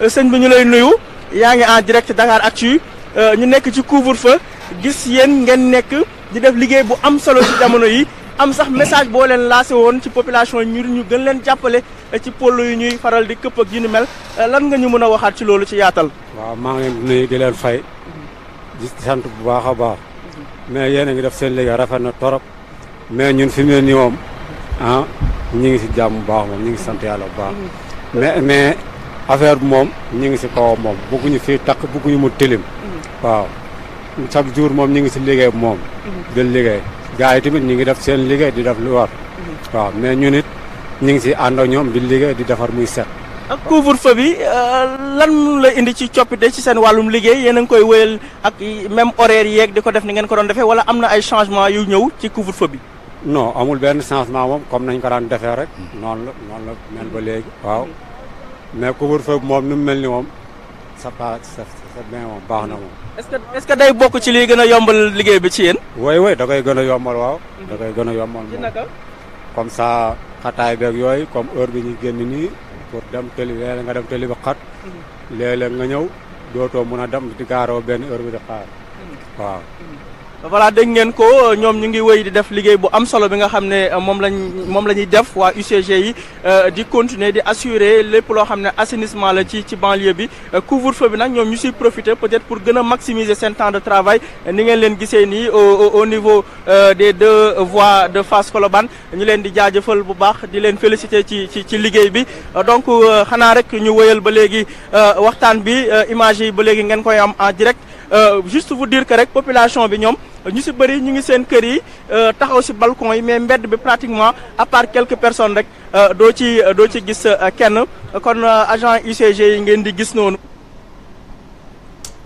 sëñ bi ñu lay nuyu yaa ngi en direct Dakaractu euh, ñu nekk ci couvre-feu gis yéen ngeen nekk di def liggéey bu am solo ci jamono yi am sax message boo leen lancé woon ci population yi ñu gën leen jàppale ci pôle yu ñuy faral di këpp ak yu mel euh, lan nga ñu mën a waxaat ci loolu ci yaatal. waa maa ngi nuyu di leen fay di sant bu baax a baax mais yéen a ngi def seen liggéey rafet na torop mais ñun fi mu ne nii moom ah ñu ngi si jàmm bu baax moom ñu ngi sant yàlla bu baax affaire bi moom ñu ngi si kaw moom bëgguñu fii takk bëgguñu mu tilim. Mhm. waaw chaque jour moom ñu ngi si liggéey bi moom. Mhm. del liggéey gars yi tamit ñu ngi def seen liggéey di def lu mhm. waaw mais ñun it ñu ngi si ànd ak ñoom di liggéey di defar muy set. ak couvre bi euh, lan la indi ci coppite ci seen wàllum liggéey yéen a ngi koy wéyal ak même horaire yeeg di ko def ni ngeen ko doon defee wala am na ay changement yu ñëw ci couvre-feu bi. non amul benn changement moom comme nañ ko daan defee rek. noonu la noonu la mel ba léegi waaw. mais couvre-feu moom nu mu mel ni moom sa pa sa sa moom baax na moom. est que est que day bokk ci liy gën a yombal liggéey bi ci yéen. way way da koy gën a yombal waaw. Mhm. da koy gën a yombal moom comme ça xataay beeg yooyu comme heure bi ñu génn nii pour dem tëli léeg nga dem tëli ba xat. Mhm. léeg-léeg nga ñëw dootoo mun a dem di gaaroo benn heure bi di xaar. voilà deug ngeen ko ñom ñu ngi wéy di def liggéey bu am solo bi nga xamné euh, mom lañ mom lañuy def wa UCG yi euh, di continuer di assurer lepp lo xamné assainissement la ci ci banlieue bi euh, couvre-feu bi nak ñom ñu ci profiter peut-être pour gëna maximiser sen temps de travail ni ngeen leen gisee ni au niveau des deux voies de face coloban ñu leen di jaajëfal bu baax di leen féliciter ci ci ci liggéey bi donc xana rek ñu wëyel ba légui waxtaan bi image yi ba légui ngeen koy am en direct euh, juste vous dire que rek population bi ñom ñu ci bëri ñu ngi seen kër yi euh, taxaw ci balcon yi mais mbedd bi pratiquement à part quelques personnes rek euh, do ci do ci gis kenn kon agent UCG yi ngeen di gis nonu